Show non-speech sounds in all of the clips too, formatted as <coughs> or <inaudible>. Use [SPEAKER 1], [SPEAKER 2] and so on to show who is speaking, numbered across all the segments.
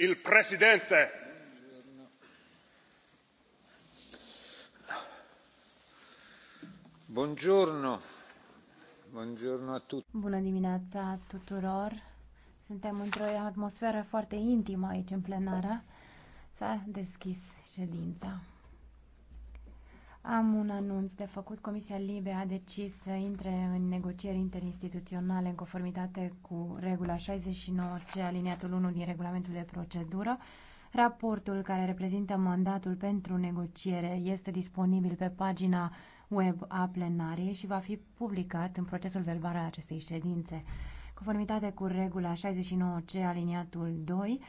[SPEAKER 1] il presidente Buongiorno. Buongiorno a tutti.
[SPEAKER 2] Bună dimineața tuturor. Suntem într-o atmosferă foarte intimă aici în plenară. S-a deschis ședința. Am un anunț de făcut. Comisia Libe a decis să intre în negocieri interinstituționale în conformitate cu regula 69C aliniatul 1 din regulamentul de procedură. Raportul care reprezintă mandatul pentru negociere este disponibil pe pagina web a plenariei și va fi publicat în procesul verbal al acestei ședințe. Conformitate cu regula 69C aliniatul 2,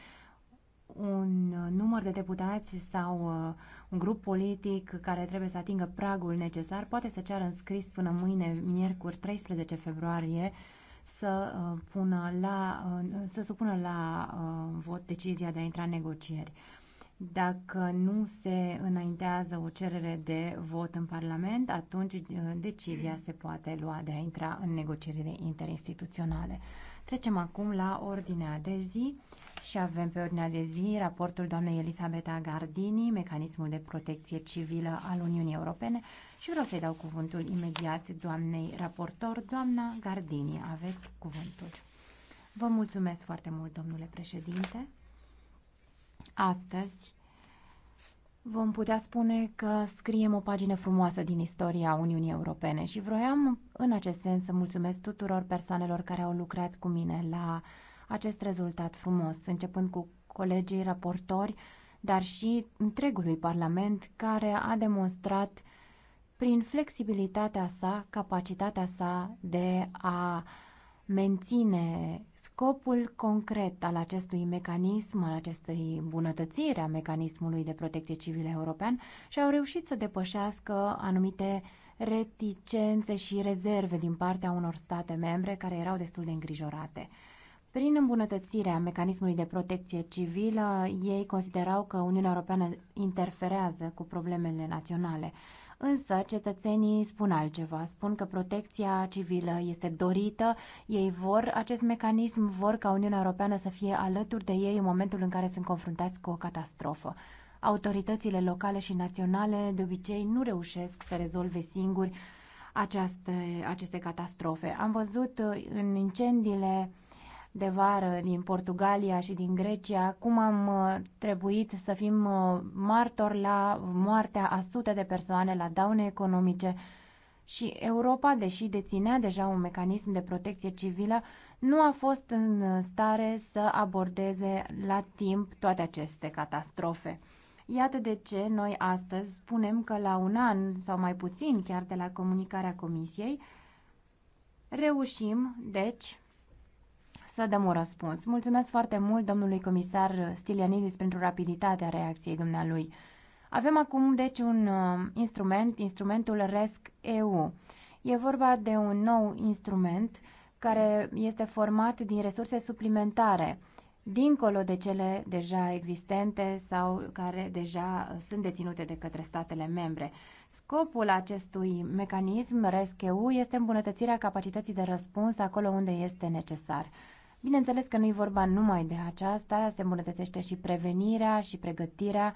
[SPEAKER 2] un uh, număr de deputați sau uh, un grup politic care trebuie să atingă pragul necesar poate să ceară scris până mâine, miercuri 13 februarie, să, uh, pună la, să supună la vot decizia de a intra în negocieri. Dacă nu se înaintează o cerere de vot în Parlament, atunci decizia se poate lua de a intra în negocierile interinstituționale. Trecem acum la ordinea de zi. Și avem pe ordinea de zi raportul doamnei Elisabeta Gardini, mecanismul de protecție civilă al Uniunii Europene și vreau să-i dau cuvântul imediat doamnei raportor, doamna Gardini. Aveți cuvântul. Vă mulțumesc foarte mult, domnule președinte. Astăzi vom putea spune că scriem o pagină frumoasă din istoria Uniunii Europene și vroiam în acest sens să mulțumesc tuturor persoanelor care au lucrat cu mine la uh, acest rezultat frumos, începând cu colegii raportori, dar și întregului Parlament, care a demonstrat prin flexibilitatea sa, capacitatea sa de a menține scopul concret al acestui mecanism, al acestei bunătățire a mecanismului de protecție civilă european și au reușit să depășească anumite reticențe și rezerve din partea unor state membre care erau destul de îngrijorate. Prin îmbunătățirea mecanismului de protecție civilă, ei considerau că Uniunea Europeană interferează cu problemele naționale. Însă cetățenii spun altceva, spun că protecția civilă este dorită, ei vor acest mecanism, vor ca Uniunea Europeană să fie alături de ei în momentul în care sunt confruntați cu o catastrofă. Autoritățile locale și naționale de obicei nu reușesc să rezolve singuri aceste, aceste catastrofe. Am văzut uh, în incendiile de vară din Portugalia și din Grecia, cum am uh, trebuit să fim uh, martori la moartea a sute de persoane, la daune economice, și Europa, deși deținea deja un mecanism de protecție civilă, nu a fost în stare să abordeze la timp toate aceste catastrofe. Iată de ce noi astăzi spunem că la un an sau mai puțin chiar de la comunicarea Comisiei, reușim, deci, să dăm un răspuns. Mulțumesc foarte mult domnului comisar Stilianidis pentru rapiditatea reacției dumnealui. Avem acum, deci, un uh, instrument, instrumentul RESC-EU. E vorba de un nou instrument care este format din resurse suplimentare, dincolo de cele deja existente sau care deja sunt deținute de către statele membre. Scopul acestui mecanism RESC EU este îmbunătățirea capacității de răspuns acolo unde este necesar. Bineînțeles că nu e vorba numai de aceasta, se îmbunătățește și prevenirea și pregătirea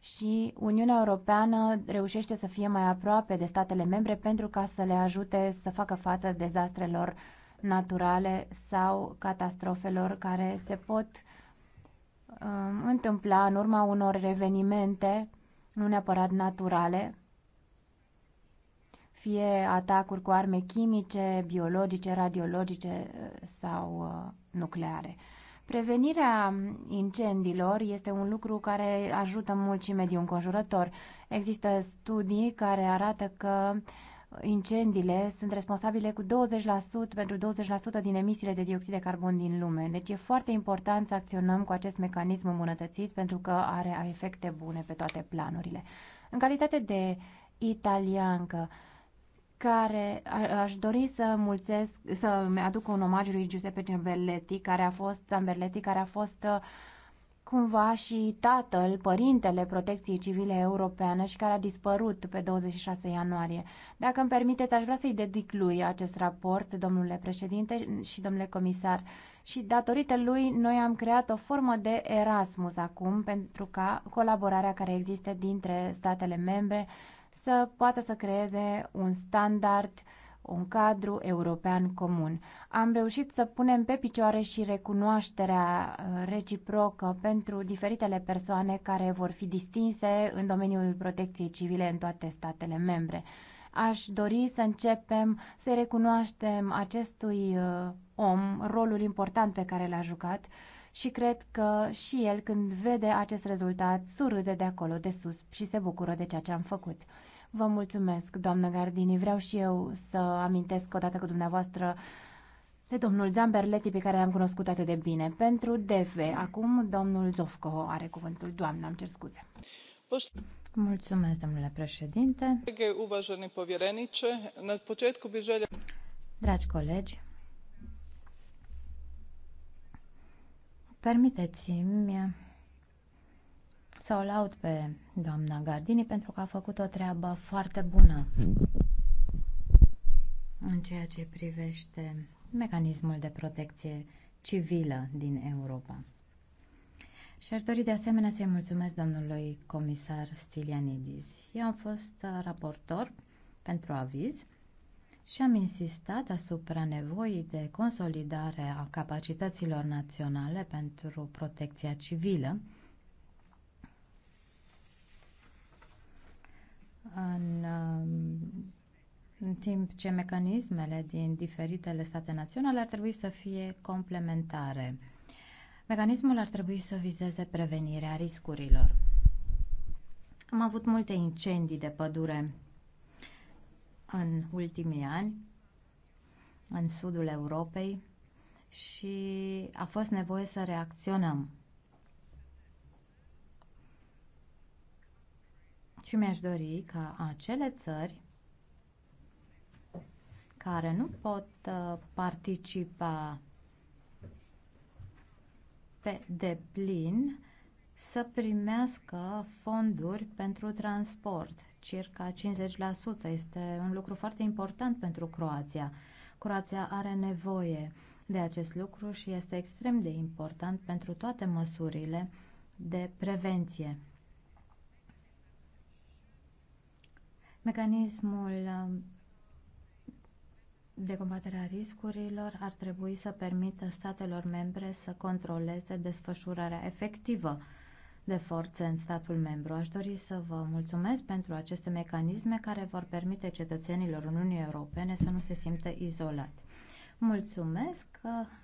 [SPEAKER 2] și Uniunea Europeană reușește să fie mai aproape de statele membre pentru ca să le ajute să facă față dezastrelor naturale sau catastrofelor care se pot um, întâmpla în urma unor evenimente, nu neapărat naturale, fie atacuri cu arme chimice, biologice, radiologice uh, sau uh, nucleare. Prevenirea incendiilor este un lucru care ajută mult și mediul înconjurător. Există studii care arată că incendiile sunt responsabile cu 20% pentru 20% din emisiile de dioxid de carbon din lume. Deci e foarte important să acționăm cu acest mecanism îmbunătățit pentru că are efecte bune pe toate planurile. În calitate de italiancă, care aș dori să mulțesc, să mi aduc un omagiu lui Giuseppe Zamberletti, care a fost, Zamberletti, care a fost uh, cumva și tatăl, părintele protecției civile europeană și care a dispărut pe 26 ianuarie. Dacă îmi permiteți, aș vrea să-i dedic lui acest raport, domnule președinte și domnule comisar. Și datorită lui, noi am creat o formă de Erasmus acum, pentru ca colaborarea care există dintre statele membre să poată să creeze un standard, un cadru european comun. Am reușit să punem pe picioare și recunoașterea uh, reciprocă pentru diferitele persoane care vor fi distinse în domeniul protecției civile în toate statele membre. Aș dori să începem să recunoaștem acestui uh, om rolul important pe care l-a jucat și cred că și el când vede acest rezultat surâde de acolo de sus și se bucură de ceea ce am făcut. Vă mulțumesc, doamnă Gardini. Vreau și eu să amintesc odată cu dumneavoastră de domnul Zamberleti, pe care l-am cunoscut atât de bine. Pentru DF, acum domnul Zofco are cuvântul. Doamnă, am cer scuze.
[SPEAKER 1] Mulțumesc, domnule președinte. Dragi colegi, permiteți-mi să o laud pe doamna Gardini pentru că a făcut o treabă foarte bună în ceea ce privește mecanismul de protecție civilă din Europa. Și aș dori de asemenea să-i mulțumesc domnului comisar Stilianidis. Eu am fost uh, raportor pentru aviz și am insistat asupra nevoii de consolidare a capacităților naționale pentru protecția civilă, în, um, în timp ce mecanismele din diferitele state naționale ar trebui să fie complementare. Mecanismul ar trebui să vizeze prevenirea riscurilor. Am avut multe incendii de pădure în ultimii ani în sudul Europei și a fost nevoie să reacționăm. Și mi-aș dori ca acele țări care nu pot uh, participa pe deplin să primească fonduri pentru transport. Circa 50% este un lucru foarte important pentru Croația. Croația are nevoie de acest lucru și este extrem de important pentru toate măsurile de prevenție. Mecanismul um, de combatere a riscurilor ar trebui să permită statelor membre să controleze desfășurarea efectivă de forțe în statul membru. Aș dori să vă mulțumesc pentru aceste mecanisme care vor permite cetățenilor Uniunii Europene să nu se simtă izolați. Mulțumesc.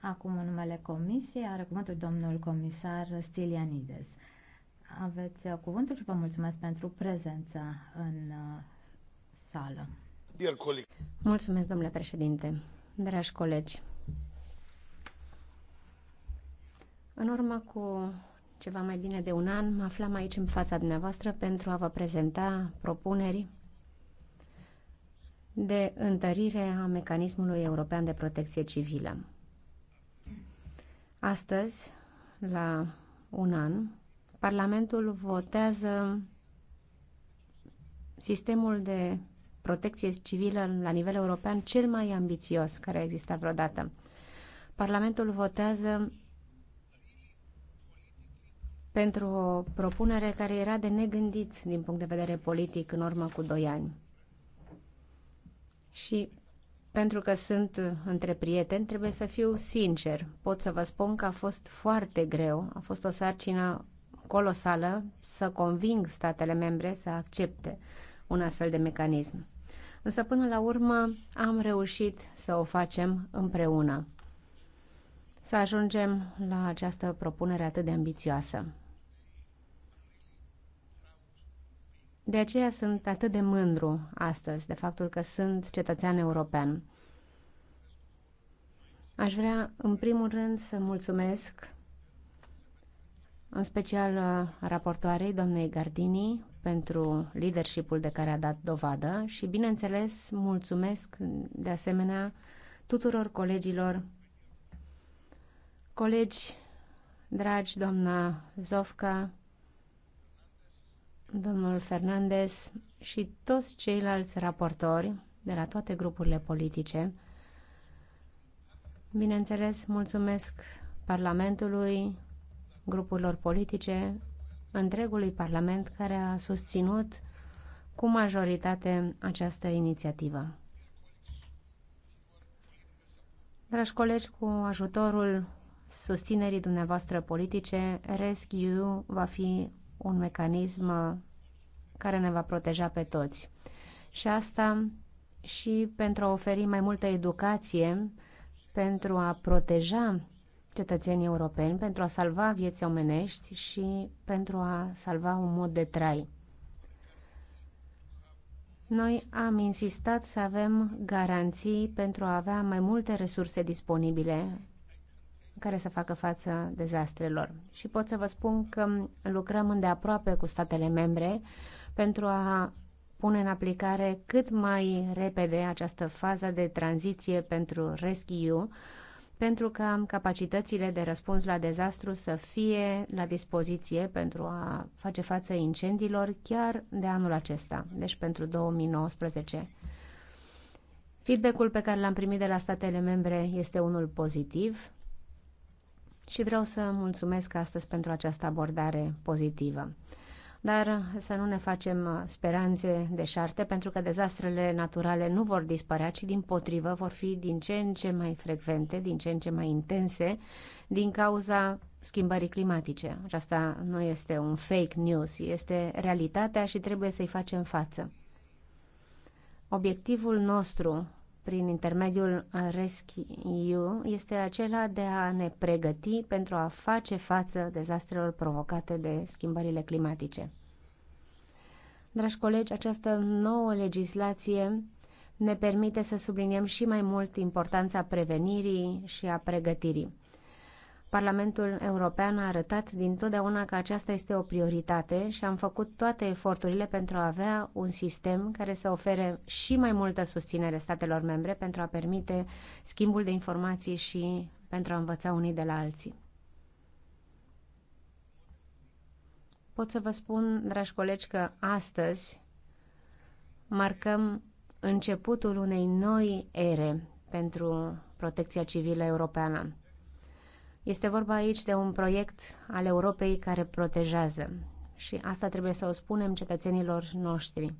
[SPEAKER 1] Acum în numele Comisiei are cuvântul domnul comisar Stilianides. Aveți cuvântul și vă mulțumesc pentru prezența în uh,
[SPEAKER 3] sală. Mulțumesc, domnule președinte. Dragi colegi, în urmă cu ceva mai bine de un an, mă aflam aici în fața dumneavoastră pentru a vă prezenta propuneri de întărire a mecanismului european de protecție civilă. Astăzi, la un an, Parlamentul votează sistemul de protecție civilă la nivel european cel mai ambițios care a existat vreodată. Parlamentul votează pentru o propunere care era de negândit din punct de vedere politic în urmă cu doi ani. Și pentru că sunt între prieteni, trebuie să fiu sincer. Pot să vă spun că a fost foarte greu, a fost o sarcină colosală să conving statele membre să accepte un astfel de mecanism. Însă până la urmă am reușit să o facem împreună. Să ajungem la această propunere atât de ambițioasă. De aceea sunt atât de mândru astăzi de faptul că sunt cetățean european. Aș vrea, în primul rând, să mulțumesc în special uh, raportoarei, doamnei Gardini, pentru leadershipul de care a dat dovadă și, bineînțeles, mulțumesc de asemenea tuturor colegilor, colegi dragi, doamna Zofca, domnul Fernandez și toți ceilalți raportori de la toate grupurile politice. Bineînțeles, mulțumesc Parlamentului, grupurilor politice, întregului Parlament care a susținut cu majoritate această inițiativă. Dragi colegi, cu ajutorul susținerii dumneavoastră politice, Rescue va fi un mecanism care ne va proteja pe toți. Și asta și pentru a oferi mai multă educație pentru a proteja cetățenii europeni pentru a salva vieți omenești și pentru a salva un mod de trai. Noi am insistat să avem garanții pentru a avea mai multe resurse disponibile care să facă față dezastrelor. Și pot să vă spun că lucrăm îndeaproape cu statele membre pentru a pune în aplicare cât mai repede această fază de tranziție pentru Rescue pentru ca capacitățile de răspuns la dezastru să fie la dispoziție pentru a face față incendiilor chiar de anul acesta, deci pentru 2019. Feedback-ul pe care l-am primit de la statele membre este unul pozitiv și vreau să mulțumesc astăzi pentru această abordare pozitivă dar să nu ne facem uh, speranțe deșarte, pentru că dezastrele naturale nu vor dispărea, ci din potrivă vor fi din ce în ce mai frecvente, din ce în ce mai intense, din cauza schimbării climatice. Aceasta nu este un fake news, este realitatea și trebuie să-i facem față. Obiectivul nostru prin intermediul Rescue este acela de a ne pregăti pentru a face față dezastrelor provocate de schimbările climatice. Dragi colegi, această nouă legislație ne permite să subliniem și mai mult importanța prevenirii și a pregătirii. Parlamentul European a arătat dintotdeauna că aceasta este o prioritate și am făcut toate eforturile pentru a avea un sistem care să ofere și mai multă susținere statelor membre pentru a permite schimbul de informații și pentru a învăța unii de la alții. Pot să vă spun, dragi colegi, că astăzi marcăm începutul unei noi ere pentru protecția civilă europeană este vorba aici de un proiect al Europei care protejează și asta trebuie să o spunem cetățenilor noștri.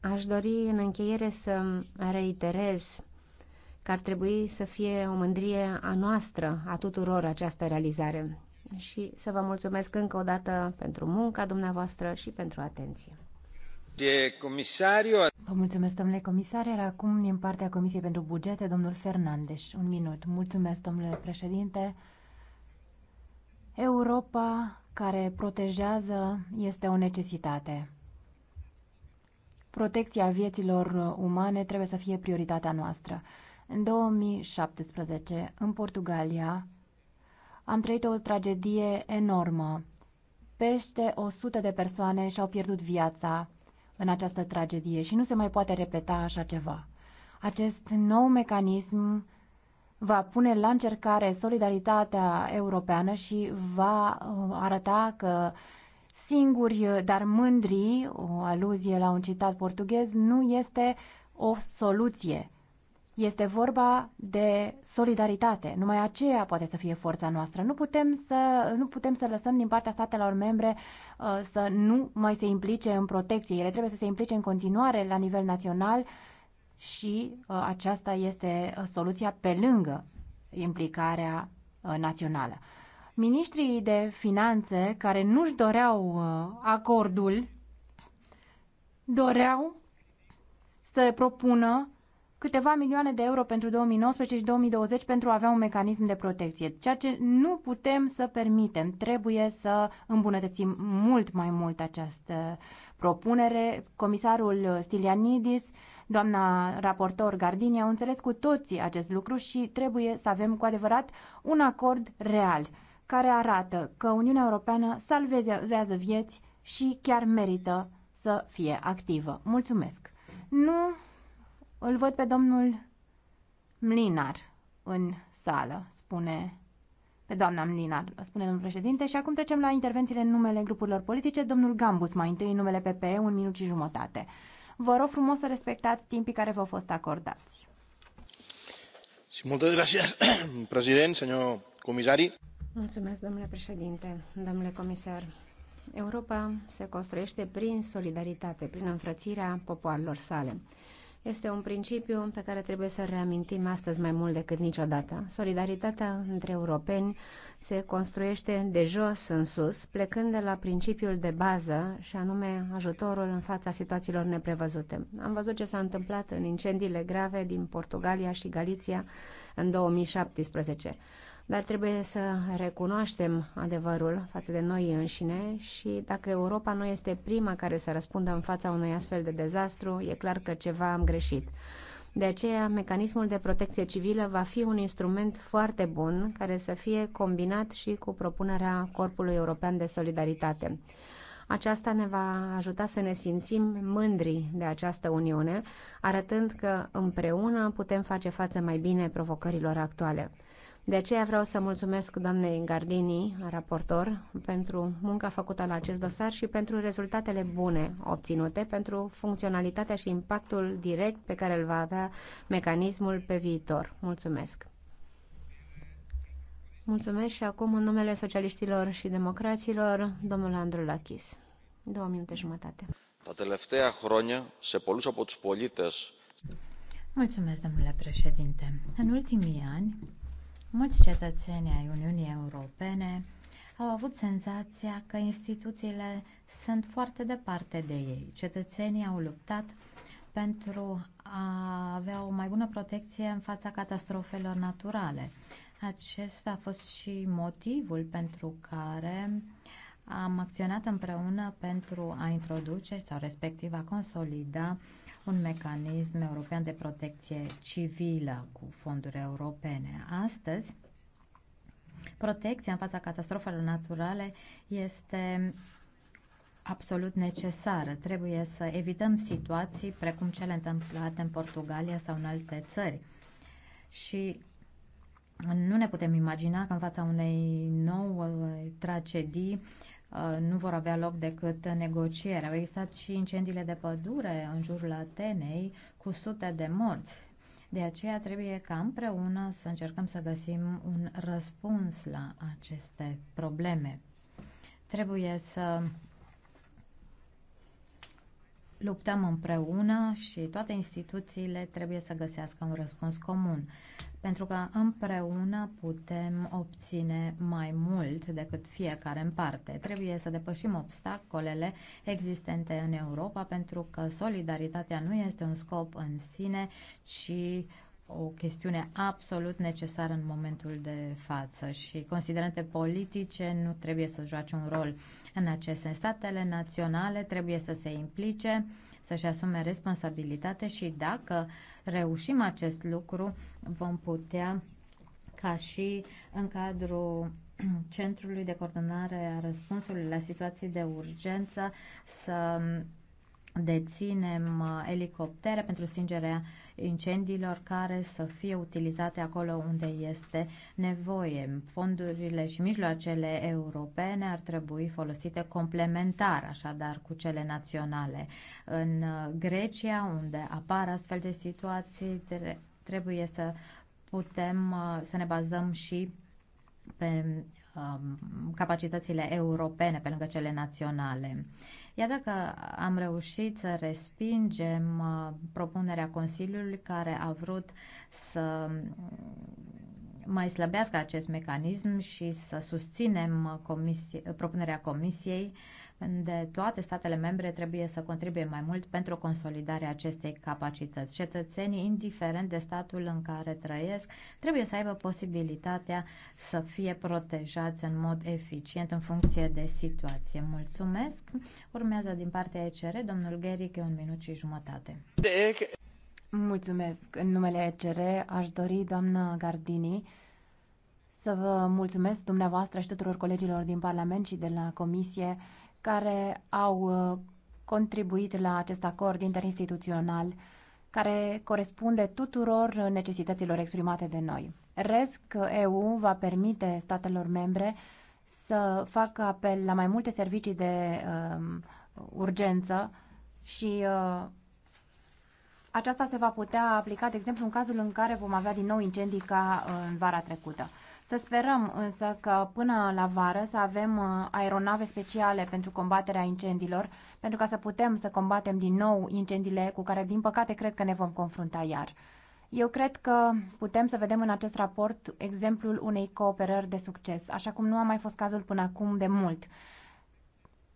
[SPEAKER 3] Aș dori în încheiere să reiterez că ar trebui să fie o mândrie a noastră, a tuturor, această realizare. Și să vă mulțumesc încă o dată pentru munca dumneavoastră
[SPEAKER 2] și pentru atenție. Vă mulțumesc, domnule comisar. Iar acum, din partea Comisiei pentru Bugete, domnul Fernandes. Un minut. Mulțumesc, domnule președinte. Europa care protejează este o necesitate. Protecția vieților umane trebuie să fie prioritatea noastră. În 2017, în Portugalia, am trăit o tragedie enormă. Peste 100 de persoane și-au pierdut viața în această tragedie și nu se mai poate repeta așa ceva. Acest nou mecanism va pune la încercare solidaritatea europeană și va uh, arăta că singuri, uh, dar mândri, o aluzie la un citat portughez, nu este o soluție. Este vorba de solidaritate. Numai aceea poate să fie forța noastră. Nu putem să, nu putem să lăsăm din partea statelor membre uh, să nu mai se implice în protecție. Ele trebuie să se implice în continuare la nivel național și uh, aceasta este uh, soluția pe lângă implicarea națională. Ministrii de finanțe care nu-și doreau acordul doreau să propună câteva milioane de euro pentru 2019 și 2020 pentru a avea un mecanism de protecție, ceea ce nu putem să permitem. Trebuie să îmbunătățim mult mai mult această propunere. Comisarul Stilianidis, doamna raportor Gardini au înțeles cu toții acest lucru și trebuie să avem cu adevărat un acord real care arată că Uniunea Europeană salvează vieți și chiar merită să fie activă. Mulțumesc! Nu îl văd pe domnul Mlinar în sală, spune pe doamna Mlinar, spune domnul președinte, și acum trecem la intervențiile în numele grupurilor politice. Domnul Gambus, mai întâi în numele PP, un minut și jumătate. Vă rog frumos să respectați timpii care v-au fost acordați.
[SPEAKER 1] Și multe gracias, <coughs> președinte, senor comisari.
[SPEAKER 3] Mulțumesc, domnule președinte, domnule comisar. Europa se construiește prin solidaritate, prin înfrățirea popoarelor sale. Este un principiu pe care trebuie să reamintim astăzi mai mult decât niciodată. Solidaritatea între europeni se construiește de jos în sus, plecând de la principiul de bază și anume ajutorul în fața situațiilor neprevăzute. Am văzut ce s-a întâmplat în incendiile grave din Portugalia și Galiția în 2017. Dar trebuie să recunoaștem adevărul față de noi înșine și dacă Europa nu este prima care să răspundă în fața unui astfel de dezastru, e clar că ceva am greșit. De aceea, mecanismul de protecție civilă va fi un instrument foarte bun care să fie combinat și cu propunerea Corpului European de Solidaritate. Aceasta ne va ajuta să ne simțim mândri de această Uniune, arătând că împreună putem face față mai bine provocărilor actuale. De aceea vreau să mulțumesc doamnei Gardini, raportor, pentru munca făcută la acest dosar și pentru rezultatele bune obținute, pentru funcționalitatea și impactul direct pe care îl va avea mecanismul pe viitor. Mulțumesc! Mulțumesc și acum în numele socialiștilor și democraților, domnul Andru Lachis. Două minute jumătate.
[SPEAKER 1] Τα τελευταία χρόνια, σε πολλούς από τους πολίτες... Mulțumesc, domnule președinte. În ultimii ani, Mulți cetățeni ai Uniunii Europene au avut senzația că instituțiile sunt foarte departe de ei. Cetățenii au luptat pentru a avea o mai bună protecție în fața catastrofelor naturale. Acesta a fost și motivul pentru care am acționat împreună pentru a introduce sau respectiv a consolida uh, un mecanism european de protecție civilă cu fonduri europene. Astăzi, protecția în fața catastrofelor naturale este absolut necesară. Trebuie să evităm situații precum cele întâmplate în Portugalia sau în alte țări. Și nu ne putem imagina că în fața unei noi uh, tragedii Uh, nu vor avea loc decât negocieri. Au existat și incendiile de pădure în jurul Atenei cu sute de morți. De aceea trebuie ca împreună să încercăm să găsim un răspuns la aceste probleme. Trebuie să luptăm împreună și toate instituțiile trebuie să găsească un răspuns comun pentru că împreună putem obține mai mult decât fiecare în parte. Trebuie să depășim obstacolele existente în Europa, pentru că solidaritatea nu este un scop în sine, ci o chestiune absolut necesară în momentul de față și considerente politice nu trebuie să joace un rol în acest sens. Statele naționale trebuie să se implice să-și asume responsabilitate și dacă reușim acest lucru, vom putea ca și în cadrul <clears throat> Centrului de Coordonare a Răspunsului la Situații de Urgență să deținem uh, elicoptere pentru stingerea incendiilor care să fie utilizate acolo unde este nevoie. Fondurile și mijloacele europene ar trebui folosite complementar, așadar, cu cele naționale. În uh, Grecia, unde apar astfel de situații, trebuie să putem uh, să ne bazăm și pe Um, capacitățile europene pe lângă cele naționale. Iată că am reușit să respingem uh, propunerea Consiliului care a vrut să mai slăbească acest mecanism și să susținem comisie, propunerea Comisiei, unde toate statele membre trebuie să contribuie mai mult pentru consolidarea acestei capacități. Cetățenii, indiferent de statul în care trăiesc, trebuie să aibă posibilitatea să fie protejați în mod eficient în funcție de situație. Mulțumesc! Urmează din partea ECR domnul Gheric, un minut și jumătate. Mulțumesc.
[SPEAKER 2] În numele ECR aș dori, doamnă Gardini, să vă mulțumesc dumneavoastră și tuturor colegilor din Parlament și de la Comisie care au uh, contribuit la acest acord interinstituțional care corespunde tuturor necesităților exprimate de noi. RESC EU va permite statelor membre să facă apel la mai multe servicii de uh, urgență și uh, aceasta se va putea aplica, de exemplu, în cazul în care vom avea din nou incendii ca uh, în vara trecută. Să sperăm însă că până la vară să avem uh, aeronave speciale pentru combaterea incendiilor, pentru ca să putem să combatem din nou incendiile cu care, din păcate, cred că ne vom confrunta iar. Eu cred că putem să vedem în acest raport exemplul unei cooperări de succes, așa cum nu a mai fost cazul până acum de mult.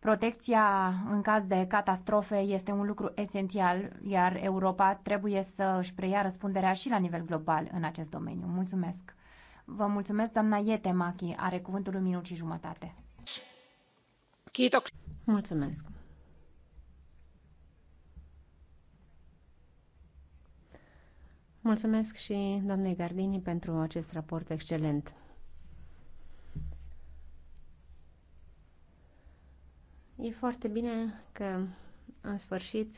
[SPEAKER 2] Protecția în caz de catastrofe este un lucru esențial, iar Europa trebuie să își preia răspunderea și la nivel global în acest domeniu. Mulțumesc! Vă mulțumesc, doamna Iete Machi. Are cuvântul un minut și jumătate.
[SPEAKER 3] Mulțumesc! Mulțumesc și doamnei Gardini pentru acest raport excelent. E foarte bine că, în sfârșit,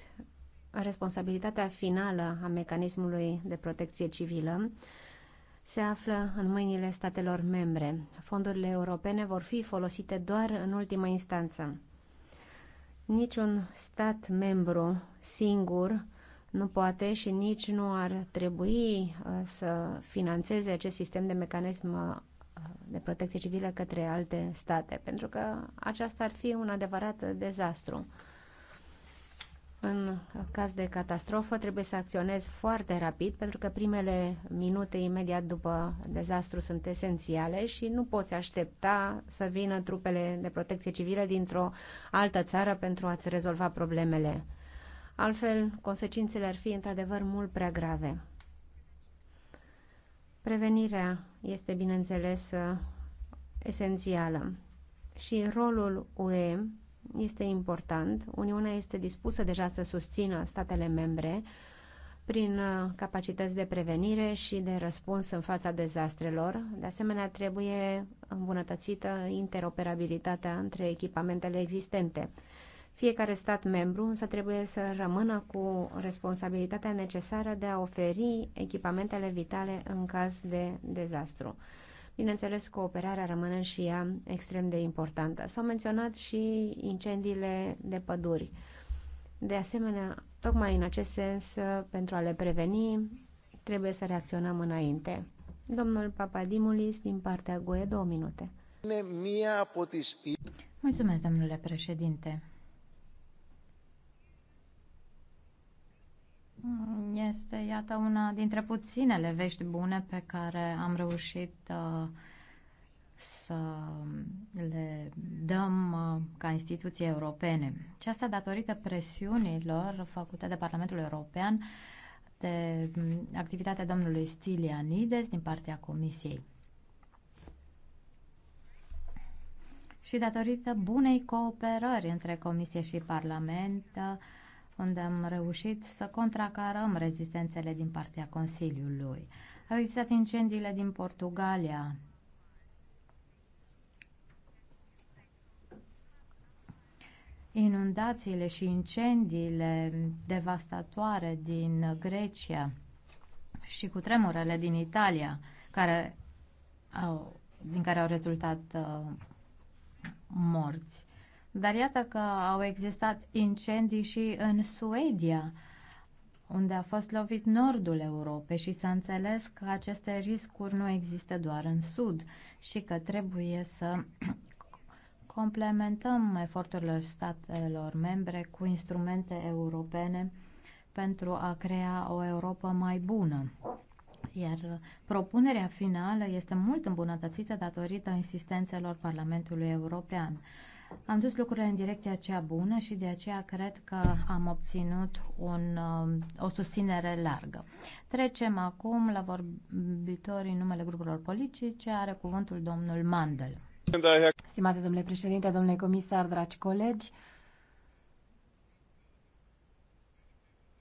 [SPEAKER 3] responsabilitatea finală a mecanismului de protecție civilă se află în mâinile statelor membre. Fondurile europene vor fi folosite doar în ultimă instanță. Niciun stat membru singur nu poate și nici nu ar trebui uh, să financeze acest sistem de mecanism uh, de protecție civilă către alte state, pentru că aceasta ar fi un adevărat dezastru. În caz de catastrofă trebuie să acționezi foarte rapid pentru că primele minute imediat după dezastru sunt esențiale și nu poți aștepta să vină trupele de protecție civilă dintr-o altă țară pentru a-ți rezolva problemele. Altfel, consecințele ar fi într-adevăr mult prea grave. Prevenirea este, bineînțeles, esențială. Și rolul UE este important. Uniunea este dispusă deja să susțină statele membre prin uh, capacități de prevenire și de răspuns în fața dezastrelor. De asemenea, trebuie îmbunătățită interoperabilitatea între echipamentele existente. Fiecare stat membru însă trebuie să rămână cu responsabilitatea necesară de a oferi echipamentele vitale în caz de dezastru. Bineînțeles, cooperarea rămâne și ea extrem de importantă. S-au menționat și incendiile de păduri. De asemenea, tocmai în acest sens, pentru a le preveni, trebuie să reacționăm înainte. Domnul Papadimulis, din partea GUE, două minute. Mulțumesc, domnule președinte.
[SPEAKER 1] Este, iată, una dintre puținele vești bune pe care am reușit uh, să le dăm uh, ca instituții europene. Și asta datorită presiunilor făcute de Parlamentul European de um, activitatea domnului Stilianides din partea Comisiei. Și datorită bunei cooperări între Comisie și Parlament, uh, unde am reușit să contracarăm rezistențele din partea Consiliului. Au existat incendiile din Portugalia, inundațiile și incendiile devastatoare din Grecia și cu tremurele din Italia, care au, din care au rezultat uh, morți. Dar iată că au existat incendii și în Suedia, unde a fost lovit nordul Europei și s-a înțeles că aceste riscuri nu există doar în sud și că trebuie să <clears throat> complementăm eforturile statelor membre cu instrumente europene pentru a crea o Europa mai bună. Iar propunerea finală este mult îmbunătățită datorită insistențelor Parlamentului European. Am dus lucrurile în direcția cea bună și de aceea cred că am obținut un, um, o susținere largă. Trecem acum la vorbitorii numele grupurilor politice. Are cuvântul domnul Mandel.
[SPEAKER 2] Stimate domnule președinte, domnule comisar, dragi colegi,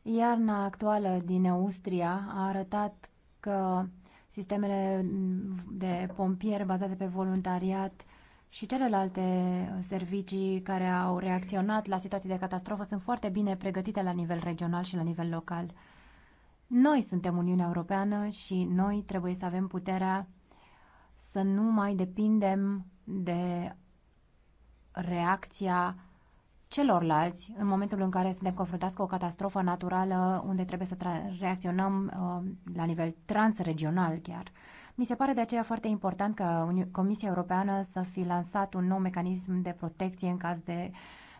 [SPEAKER 2] Iarna actuală din Austria a arătat că sistemele de pompieri bazate pe voluntariat și celelalte uh, servicii care au reacționat la situații de catastrofă sunt foarte bine pregătite la nivel regional și la nivel local. Noi suntem Uniunea Europeană și noi trebuie să avem puterea să nu mai depindem de reacția celorlalți în momentul în care suntem confruntați cu o catastrofă naturală unde trebuie să reacționăm uh, la nivel transregional chiar. Uh, mi se pare de aceea foarte important ca Comisia Europeană să fi lansat un nou mecanism de protecție în caz de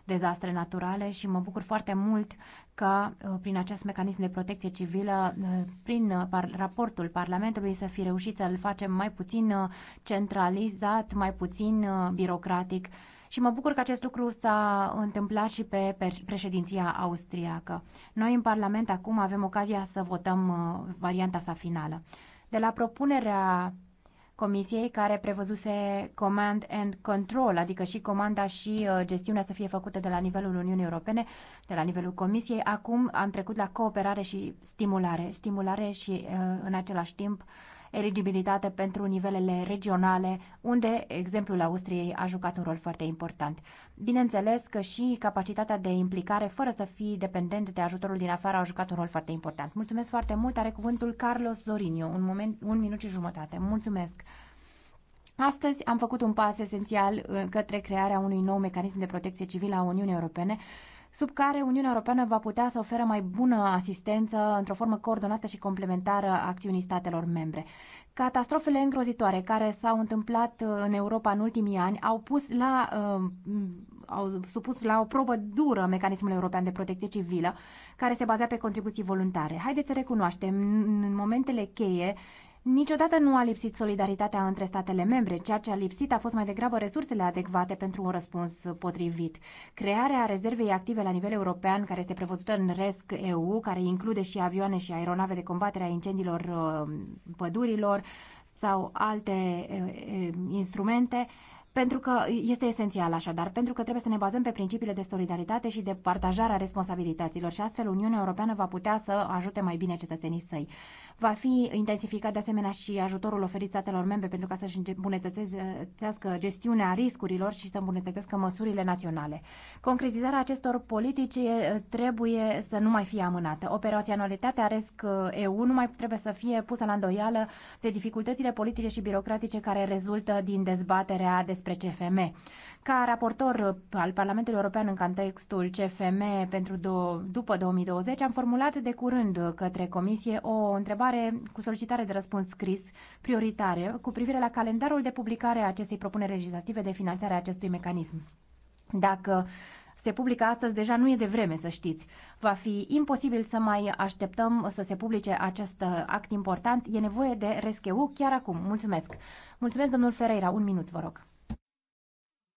[SPEAKER 2] dezastre naturale și mă bucur foarte mult ca uh, prin acest mecanism de protecție civilă, uh, prin uh, par raportul Parlamentului să fi reușit să-l facem mai puțin centralizat, mai puțin birocratic și mă bucur că acest lucru s-a întâmplat și pe președinția austriacă. Noi în Parlament acum avem ocazia să votăm varianta sa finală. De la propunerea Comisiei care prevăzuse command and control, adică și comanda și uh, gestiunea să fie făcute de la nivelul Uniunii Europene, de la nivelul Comisiei. Acum am trecut la cooperare și stimulare. Stimulare și uh, în același timp eligibilitate pentru nivelele regionale, unde exemplul Austriei a jucat un rol foarte important. Bineînțeles că și capacitatea de implicare, fără să fii dependent de ajutorul din afară, a jucat un rol foarte important. Mulțumesc foarte mult, are cuvântul Carlos Zorinio, un, moment, un minut și jumătate. Mulțumesc! Astăzi am făcut un pas esențial uh, către crearea unui nou mecanism de protecție civilă a Uniunii Europene sub care Uniunea Europeană va putea să oferă mai bună asistență într-o formă coordonată și complementară a acțiunii statelor membre. Catastrofele îngrozitoare care s-au întâmplat uh, în Europa în ultimii ani au pus la uh, au supus la o probă dură mecanismul european de protecție civilă, care se bazea pe contribuții voluntare. Haideți să recunoaștem, în momentele cheie, Niciodată nu a lipsit solidaritatea între statele membre. Ceea ce a lipsit a fost mai degrabă resursele adecvate pentru un răspuns potrivit. Crearea rezervei active la nivel european, care este prevăzută în RESC EU, care include și avioane și aeronave de combatere a incendiilor uh, pădurilor sau alte uh, uh, instrumente, pentru că este esențial așadar, pentru că trebuie să ne bazăm pe principiile de solidaritate și de partajarea responsabilităților și astfel Uniunea Europeană va putea să ajute mai bine cetățenii săi. Va fi intensificat de asemenea și ajutorul oferit statelor membre pentru ca să-și îmbunătățească gestiunea riscurilor și să îmbunătățească măsurile naționale. Concretizarea acestor politici trebuie să nu mai fie amânată. Operaționalitatea RESC EU nu mai trebuie să fie pusă la îndoială de dificultățile politice și birocratice care rezultă din dezbaterea despre CFM. Ca raportor uh, al Parlamentului European în contextul CFM pentru do- după 2020, am formulat de curând uh, către Comisie o întrebare cu solicitare de răspuns scris prioritare cu privire la calendarul de publicare a acestei propuneri legislative de finanțare a acestui mecanism. Dacă se publică astăzi, deja nu e de vreme să știți. Va fi imposibil să mai așteptăm să se publice acest uh, act important. E nevoie de rescheu chiar acum. Mulțumesc. Mulțumesc, domnul Ferreira. Un minut, vă rog.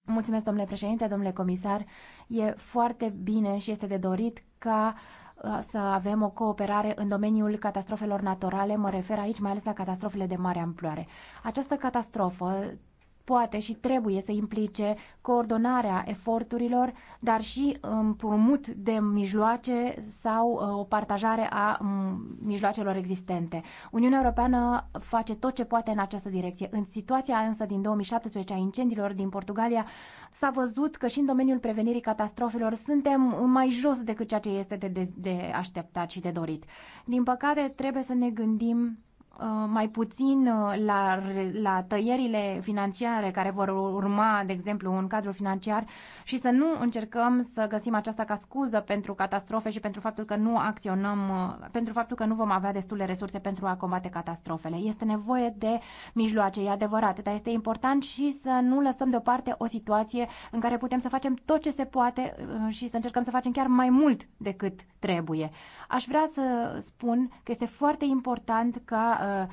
[SPEAKER 2] Mulțumesc, domnule președinte, domnule comisar. E foarte bine și este de dorit ca uh, să avem o cooperare în domeniul catastrofelor naturale, mă refer aici mai ales la catastrofele de mare amploare. Această catastrofă poate și trebuie să implice coordonarea eforturilor, dar și împrumut de mijloace sau uh, o partajare a mijloacelor existente. Uniunea Europeană face tot ce poate în această direcție. În situația însă din 2017 a incendiilor din Portugalia s-a văzut că și în domeniul prevenirii catastrofelor suntem mai jos decât ceea ce este de, de, de așteptat și de dorit. Din păcate, trebuie să ne gândim Uh, mai puțin uh, la, la tăierile financiare care vor urma, de exemplu, un cadru financiar și să nu încercăm să găsim aceasta ca scuză pentru catastrofe și pentru faptul că nu acționăm, uh, pentru faptul că nu vom avea destule resurse pentru a combate catastrofele. Este nevoie de mijloace, e adevărat, dar este important și să nu lăsăm deoparte o situație în care putem să facem tot ce se poate și să încercăm să facem chiar mai mult decât trebuie. Aș vrea să spun că este foarte important ca Uh,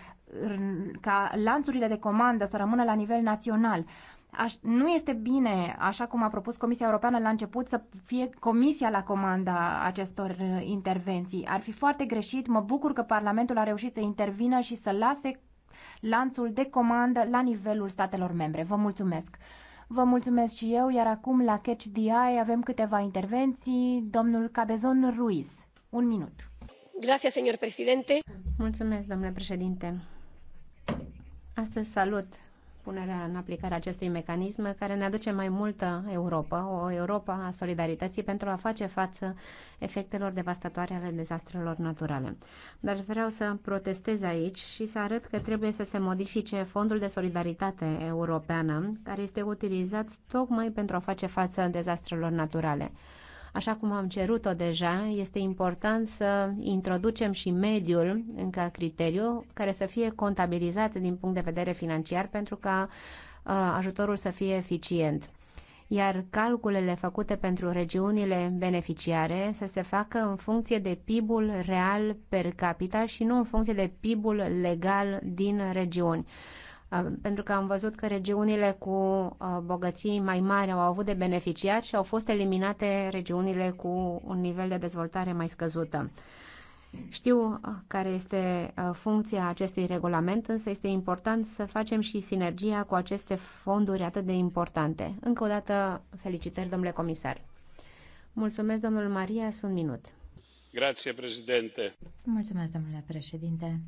[SPEAKER 2] ca lanțurile de comandă să rămână la nivel național. Aș, nu este bine, așa cum a propus Comisia Europeană la început, să fie Comisia la comanda acestor uh, intervenții. Ar fi foarte greșit. Mă bucur că Parlamentul a reușit să intervină și să lase lanțul de comandă la nivelul statelor membre. Vă mulțumesc! Vă mulțumesc și eu, iar acum la Catch DI avem câteva intervenții. Domnul Cabezon Ruiz, un minut.
[SPEAKER 3] Mulțumesc, domnule președinte. Astăzi salut punerea în aplicare acestui mecanism care ne aduce mai multă Europa, o Europa a solidarității pentru a face față efectelor devastatoare ale dezastrelor naturale. Dar vreau să protestez aici și să arăt că trebuie să se modifice Fondul de Solidaritate Europeană, care este utilizat tocmai pentru a face față dezastrelor naturale. Așa cum am cerut-o deja, este important să introducem și mediul încă criteriu care să fie contabilizat din punct de vedere financiar pentru ca uh, ajutorul să fie eficient iar calculele făcute pentru regiunile beneficiare să se facă în funcție de PIB-ul real per capita și nu în funcție de PIB-ul legal din regiuni pentru că am văzut că regiunile cu uh, bogății mai mari au avut de beneficiat și au fost eliminate regiunile cu un nivel de dezvoltare mai scăzută. Știu uh, care este uh, funcția acestui regulament, însă este important să facem și sinergia cu aceste fonduri atât de importante. Încă o dată, felicitări, domnule comisar. Mulțumesc, domnul Maria, sunt minut.
[SPEAKER 1] Grație, președinte.
[SPEAKER 3] Mulțumesc, domnule președinte.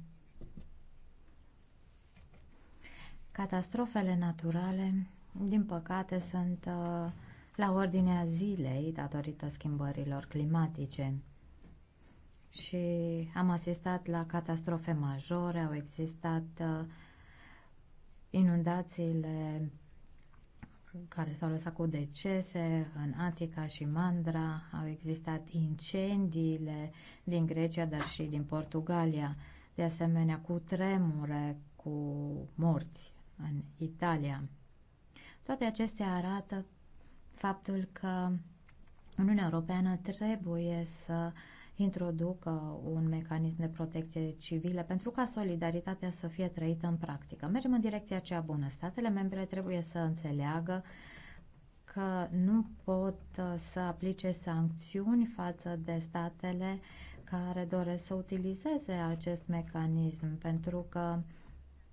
[SPEAKER 1] Catastrofele naturale, din păcate, sunt uh, la ordinea zilei datorită schimbărilor climatice. Și am asistat la catastrofe majore, au existat uh, inundațiile care s-au lăsat cu decese în Atica și Mandra, au existat incendiile din Grecia, dar și din Portugalia, de asemenea cu tremure, cu morți în Italia. Toate acestea arată faptul că Uniunea Europeană trebuie să introducă un mecanism de protecție civilă pentru ca solidaritatea să fie trăită în practică. Mergem în direcția cea bună. Statele membre trebuie să înțeleagă că nu pot uh, să aplice sancțiuni față de statele care doresc să utilizeze acest mecanism, pentru că uh,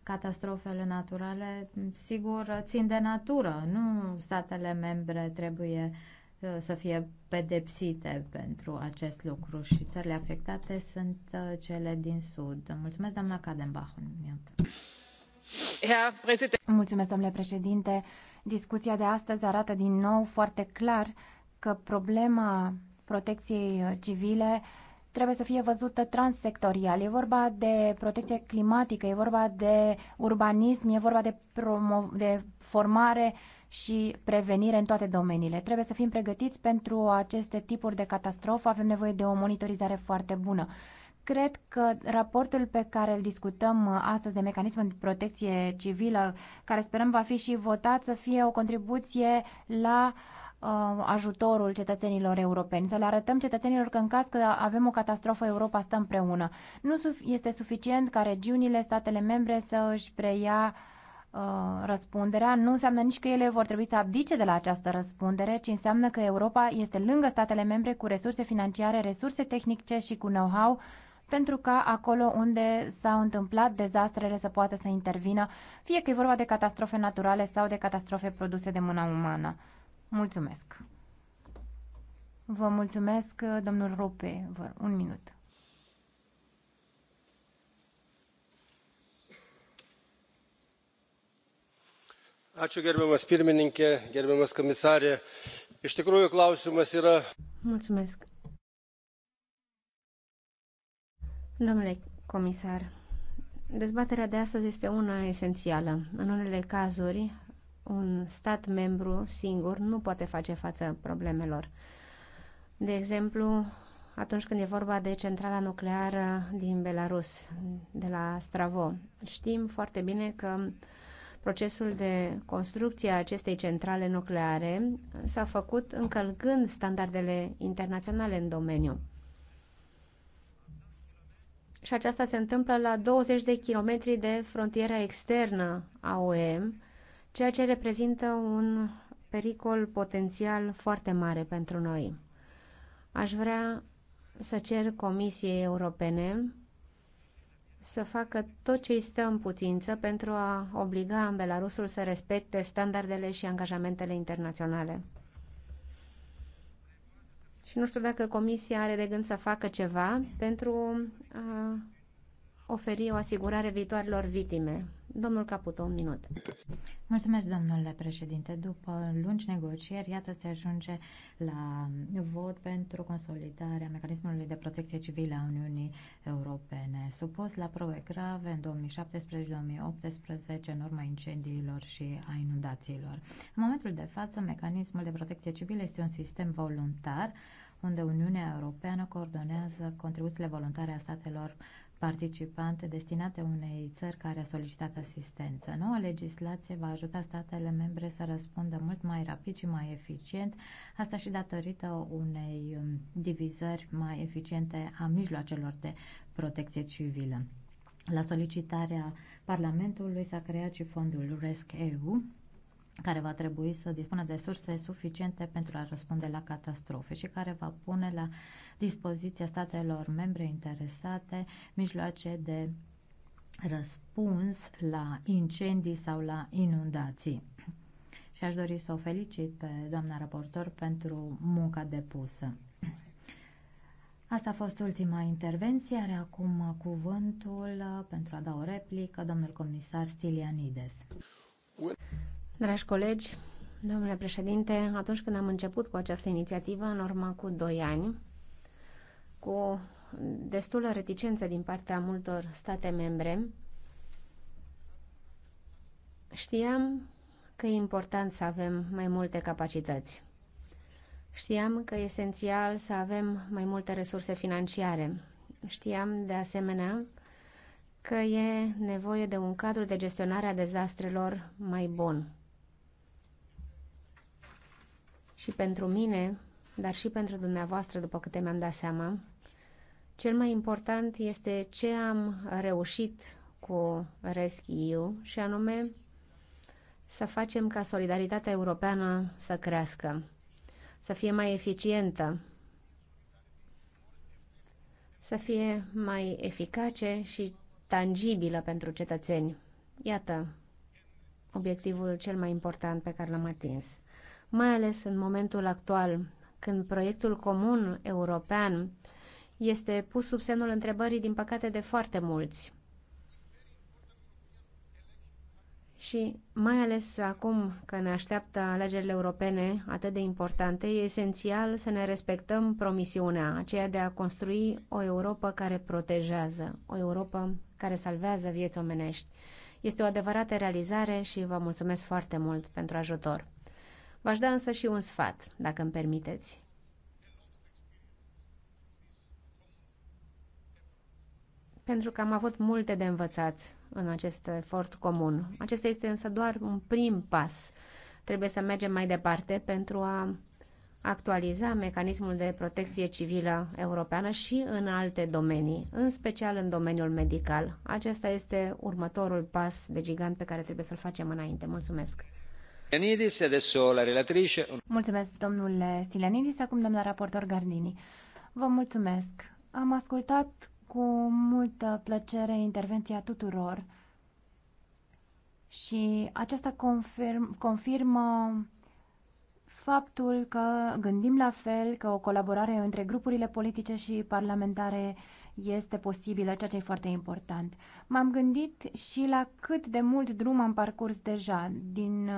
[SPEAKER 1] Catastrofele naturale, sigur, țin de natură. Nu statele membre trebuie uh, să fie pedepsite pentru acest lucru și țările afectate sunt uh, cele din Sud. Mulțumesc, doamna
[SPEAKER 2] Kadenbach. Mulțumesc, domnule președinte. Discuția de astăzi arată din nou foarte clar că problema protecției uh, civile trebuie să fie văzută transsectorial. E vorba de protecție climatică, e vorba de urbanism, e vorba de, promo- de formare și prevenire în toate domeniile. Trebuie să fim pregătiți pentru aceste tipuri de catastrofă, avem nevoie de o monitorizare foarte bună. Cred că raportul pe care îl discutăm astăzi de mecanismul de protecție civilă, care sperăm va fi și votat, să fie o contribuție la uh, Uh, ajutorul cetățenilor europeni, să le arătăm cetățenilor că în caz că avem o catastrofă, Europa stă împreună. Nu este suficient ca regiunile, statele membre să își preia uh, răspunderea, nu înseamnă nici că ele vor trebui să abdice de la această răspundere, ci înseamnă că Europa este lângă statele membre cu resurse financiare, resurse tehnice și cu know-how pentru ca acolo unde s-au întâmplat dezastrele să poată să intervină, fie că e vorba de catastrofe naturale sau de catastrofe produse de mâna umană. Mulțumesc. Vă mulțumesc, domnul Rope. Vă, un minut.
[SPEAKER 1] Ačiū gerbiamas pirmininkė, gerbiamas komisarė. Iš tikrųjų, klausimas yra.
[SPEAKER 3] Mulțumesc. Domnule comisar, dezbaterea de astăzi este una esențială. În unele cazuri, un stat membru singur nu poate face față problemelor. De exemplu, atunci când e vorba de centrala nucleară din Belarus, de la Stravo. Știm foarte bine că procesul de construcție a acestei centrale nucleare s-a făcut încălcând standardele internaționale în domeniu. Și aceasta se întâmplă la 20 de kilometri de frontiera externă a OEM, ceea ce reprezintă un pericol potențial foarte mare pentru noi. Aș vrea să cer Comisiei Europene să facă tot ce îi stă în putință pentru a obliga Belarusul să respecte standardele și angajamentele internaționale. Și nu știu dacă Comisia are de gând să facă ceva pentru a oferi o asigurare viitoarelor victime Domnul Caputo, un minut.
[SPEAKER 1] Mulțumesc, domnule președinte. După lungi negocieri, iată se ajunge la vot pentru consolidarea mecanismului de protecție civilă a Uniunii Europene. Supus la probe grave în 2017-2018 în urma incendiilor și a inundațiilor. În momentul de față, mecanismul de protecție civilă este un sistem voluntar unde Uniunea Europeană coordonează contribuțiile voluntare a statelor participante destinate unei țări care a solicitat asistență. Noua legislație va ajuta statele membre să răspundă mult mai rapid și mai eficient, asta și datorită unei um, divizări mai eficiente a mijloacelor de protecție civilă. La solicitarea Parlamentului s-a creat și fondul RESC-EU, care va trebui să dispună de surse suficiente pentru a răspunde la catastrofe și care va pune la dispoziția statelor membre interesate mijloace de răspuns la incendii sau la inundații. Și aș dori să o felicit pe doamna raportor pentru munca depusă. Asta a fost ultima intervenție. Are acum cuvântul pentru
[SPEAKER 3] a da o replică domnul comisar Stilianides. Dragi colegi, domnule președinte, atunci când am început cu această inițiativă, în urmă cu doi ani, cu destulă reticență din partea multor state membre, știam că e important să avem mai multe capacități. Știam că e esențial să avem mai multe resurse financiare. Știam, de asemenea, că e nevoie de un cadru de gestionare a dezastrelor mai bun. Și pentru mine, dar și pentru dumneavoastră, după câte mi-am dat seama, cel mai important este ce am reușit cu Rescue și anume să facem ca solidaritatea europeană să crească, să fie mai eficientă, să fie mai eficace și tangibilă pentru cetățeni. Iată obiectivul cel mai important pe care l-am atins mai ales în momentul actual, când proiectul comun european este pus sub semnul întrebării, din păcate, de foarte mulți. Și mai ales acum că ne așteaptă alegerile europene atât de importante, e esențial să ne respectăm promisiunea aceea de a construi o Europa care protejează, o Europa care salvează vieți omenești. Este o adevărată realizare și vă mulțumesc foarte mult pentru ajutor. V-aș da însă și un sfat, dacă îmi permiteți. Pentru că am avut multe de învățat în acest efort comun. Acesta este însă doar un prim pas. Trebuie să mergem mai departe pentru a actualiza mecanismul de protecție civilă europeană și în alte domenii, în special în domeniul medical. Acesta este următorul pas de gigant pe care trebuie să-l facem înainte. Mulțumesc!
[SPEAKER 1] relatrice.
[SPEAKER 2] Mulțumesc, domnule Stilanidis, acum domnul raportor Gardini. Vă mulțumesc. Am ascultat cu multă plăcere intervenția tuturor și aceasta confirm, confirmă faptul că gândim la fel, că o colaborare între grupurile politice și parlamentare uh, este posibilă, ceea ce e foarte important. M-am gândit și la cât de mult drum am parcurs deja uh, din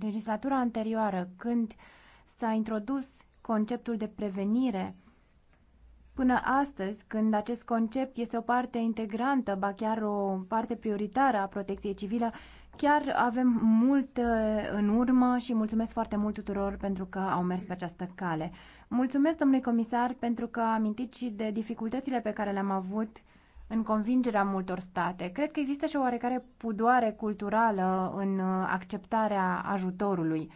[SPEAKER 2] legislatura anterioară, când s-a introdus conceptul de prevenire Până astăzi, când acest concept este o parte integrantă, ba chiar o parte prioritară a protecției civilă, chiar avem mult uh, în urmă și mulțumesc foarte mult tuturor pentru că au mers pe această cale. Mulțumesc, domnule comisar, pentru că am amintit și de dificultățile pe care le-am avut în convingerea multor state. Cred că există și o oarecare pudoare culturală în uh, acceptarea ajutorului.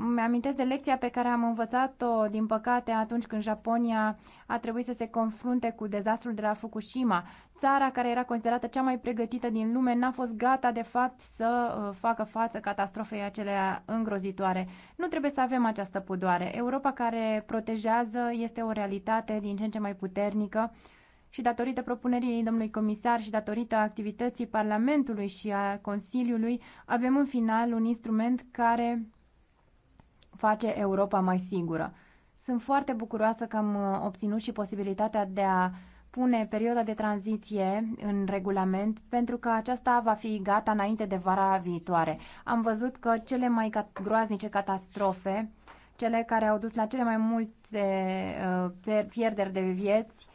[SPEAKER 2] Îmi amintesc de lecția pe care am învățat-o, din păcate, atunci când Japonia a trebuit să se confrunte cu dezastrul de la Fukushima. Țara care era considerată cea mai pregătită din lume n-a fost gata, de fapt, să uh, facă față catastrofei acelea îngrozitoare. Nu trebuie să avem această pudoare. Europa care protejează este o realitate din ce în ce mai puternică și datorită propunerii domnului comisar și datorită activității Parlamentului și a Consiliului, avem în final un instrument care face Europa mai sigură. Sunt foarte bucuroasă că am uh, obținut și posibilitatea de a pune perioada de tranziție în regulament pentru că aceasta va fi gata înainte de vara viitoare. Am văzut că cele mai groaznice catastrofe, cele care au dus la cele mai multe uh, pierderi de vieți,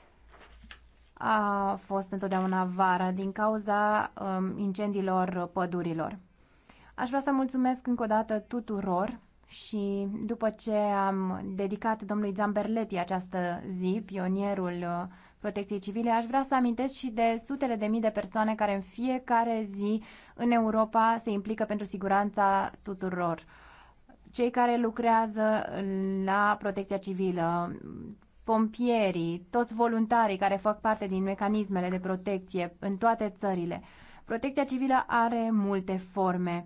[SPEAKER 2] a fost întotdeauna vara din cauza um, incendiilor pădurilor. Aș vrea să mulțumesc încă o dată tuturor și după ce am dedicat domnului Zamberleti această zi, pionierul uh, protecției civile, aș vrea să amintesc și de sutele de mii de persoane care în fiecare zi în Europa se implică pentru siguranța tuturor. Cei care lucrează la protecția civilă, pompierii, toți voluntarii care fac parte din mecanismele de protecție în toate țările. Protecția civilă are multe forme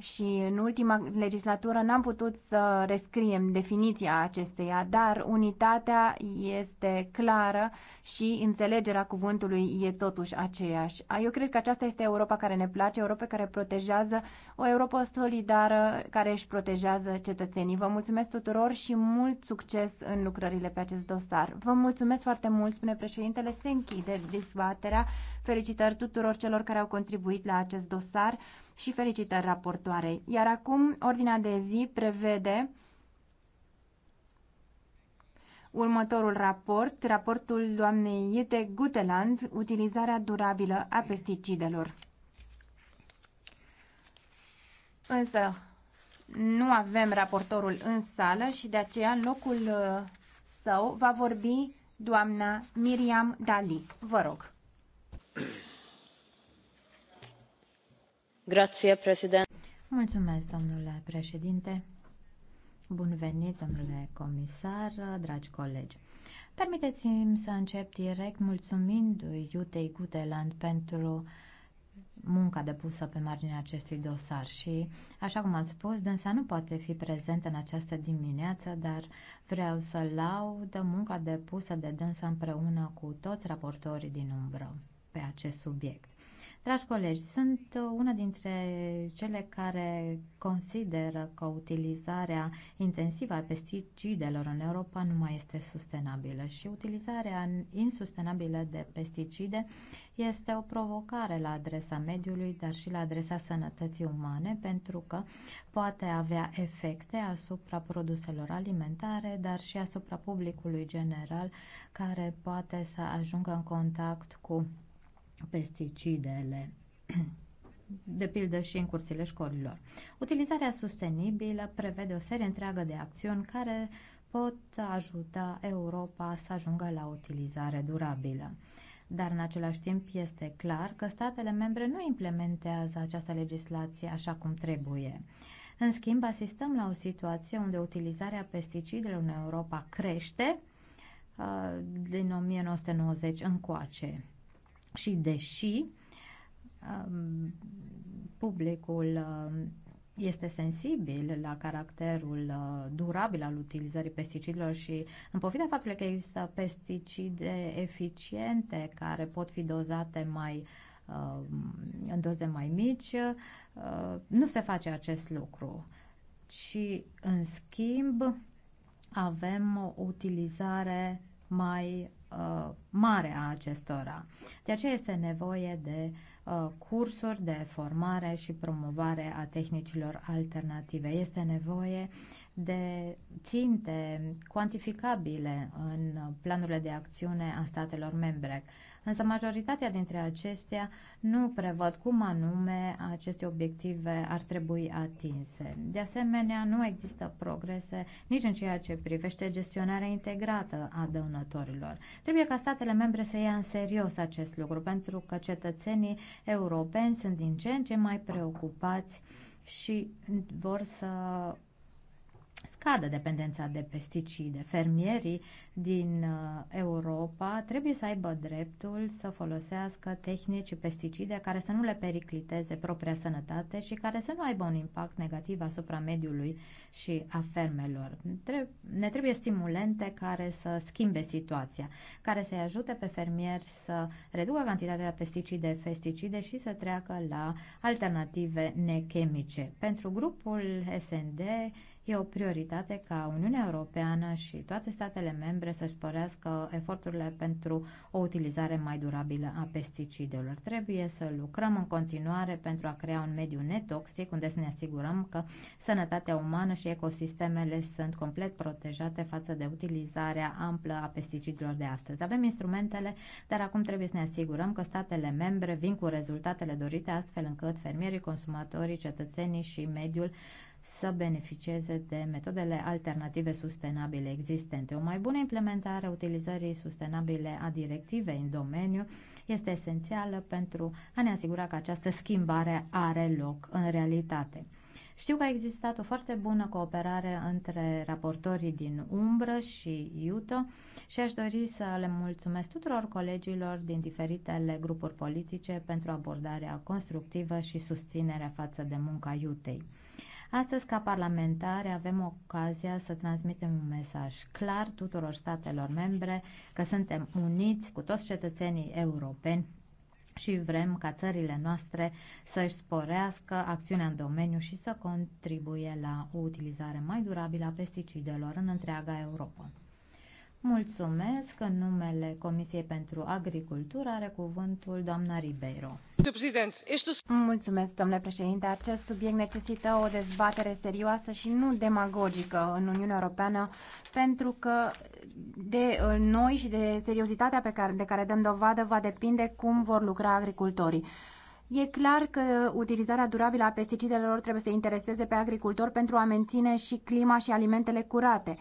[SPEAKER 2] și în ultima legislatură n-am putut să rescriem definiția acesteia, dar unitatea este clară și înțelegerea cuvântului e totuși aceeași. Eu cred că aceasta este Europa care ne place, Europa care protejează, o Europa solidară care își protejează cetățenii. Vă mulțumesc tuturor și mult succes în lucrările pe acest dosar. Vă mulțumesc foarte mult, spune președintele, se închide dezbaterea. Felicitări tuturor celor care au contribuit la acest dosar și felicitări raportoarei. Iar acum, ordinea de zi prevede următorul raport, raportul doamnei Iete Guteland, utilizarea durabilă a pesticidelor. Însă, nu avem raportorul în sală și de aceea în locul uh, său va vorbi doamna Miriam Dali. Vă rog.
[SPEAKER 1] Mulțumesc, domnule președinte. Bun venit, domnule comisar, dragi colegi. Permiteți-mi să încep direct mulțumindu-i Iutei Guteland pentru munca depusă pe marginea acestui dosar și, așa cum am spus, dânsa nu poate fi prezentă în această dimineață, dar vreau să laud munca depusă de dânsa împreună cu toți raportorii din umbră pe acest subiect. Dragi colegi, sunt uh, una dintre cele care consideră că utilizarea intensivă a pesticidelor în Europa nu mai este sustenabilă și utilizarea insustenabilă de pesticide este o provocare la adresa mediului, dar și la adresa sănătății umane, pentru că poate avea efecte asupra produselor alimentare, dar și asupra publicului general, care poate să ajungă în contact cu pesticidele, <clears throat> de pildă și în curțile școlilor. Utilizarea sustenibilă prevede o serie întreagă de acțiuni care pot ajuta Europa să ajungă la utilizare durabilă. Dar în același timp este clar că statele membre nu implementează această legislație așa cum trebuie. În schimb, asistăm la o situație unde utilizarea pesticidelor în Europa crește uh, din 1990 încoace. Și deși um, publicul um, este sensibil la caracterul uh, durabil al utilizării pesticidelor și în pofida faptului că există pesticide eficiente care pot fi dozate mai um, în doze mai mici, uh, nu se face acest lucru. Și în schimb avem o utilizare mai Uh, mare a acestora. De aceea este nevoie de uh, cursuri de formare și promovare a tehnicilor alternative. Este nevoie de ținte cuantificabile în planurile de acțiune a statelor membre. Însă majoritatea dintre acestea nu prevăd cum anume aceste obiective ar trebui atinse. De asemenea, nu există progrese nici în ceea ce privește gestionarea integrată a dăunătorilor. Trebuie ca statele membre să ia în serios acest lucru, pentru că cetățenii europeni sunt din ce în ce mai preocupați și vor să scadă dependența de pesticide. Fermierii din uh, Europa trebuie să aibă dreptul să folosească tehnici și pesticide care să nu le pericliteze propria sănătate și care să nu aibă un impact negativ asupra mediului și a fermelor. Ne trebuie stimulente care să schimbe situația, care să-i ajute pe fermieri să reducă cantitatea de pesticide, pesticide și să treacă la alternative nechemice. Pentru grupul SND E o prioritate ca Uniunea Europeană și toate statele membre să-și sporească eforturile pentru o utilizare mai durabilă a pesticidelor. Trebuie să lucrăm în continuare pentru a crea un mediu netoxic unde să ne asigurăm că sănătatea umană și ecosistemele sunt complet protejate față de utilizarea amplă a pesticidelor de astăzi. Avem instrumentele, dar acum trebuie să ne asigurăm că statele membre vin cu rezultatele dorite astfel încât fermierii, consumatorii, cetățenii și mediul să beneficieze de metodele alternative sustenabile existente. O mai bună implementare a utilizării sustenabile a directivei în domeniu este esențială pentru a ne asigura că această schimbare are loc în realitate. Știu că a existat o foarte bună cooperare între raportorii din Umbră și Iuto și aș dori să le mulțumesc tuturor colegilor din diferitele grupuri politice pentru abordarea constructivă și susținerea față de munca Iutei. Astăzi, ca parlamentare, avem ocazia să transmitem un mesaj clar tuturor statelor membre că suntem uniți cu toți cetățenii europeni și vrem ca țările noastre să-și sporească acțiunea în domeniu și să contribuie la o utilizare mai durabilă a pesticidelor în întreaga Europa. Mulțumesc. În numele Comisiei pentru Agricultură are cuvântul doamna Ribeiro.
[SPEAKER 2] Mulțumesc, domnule președinte. Acest subiect necesită o dezbatere serioasă și nu demagogică în Uniunea Europeană, pentru că de uh, noi și de seriozitatea pe care, de care dăm dovadă va depinde cum vor lucra agricultorii. E clar că utilizarea durabilă a pesticidelor trebuie să intereseze pe agricultori pentru a menține și clima și alimentele curate.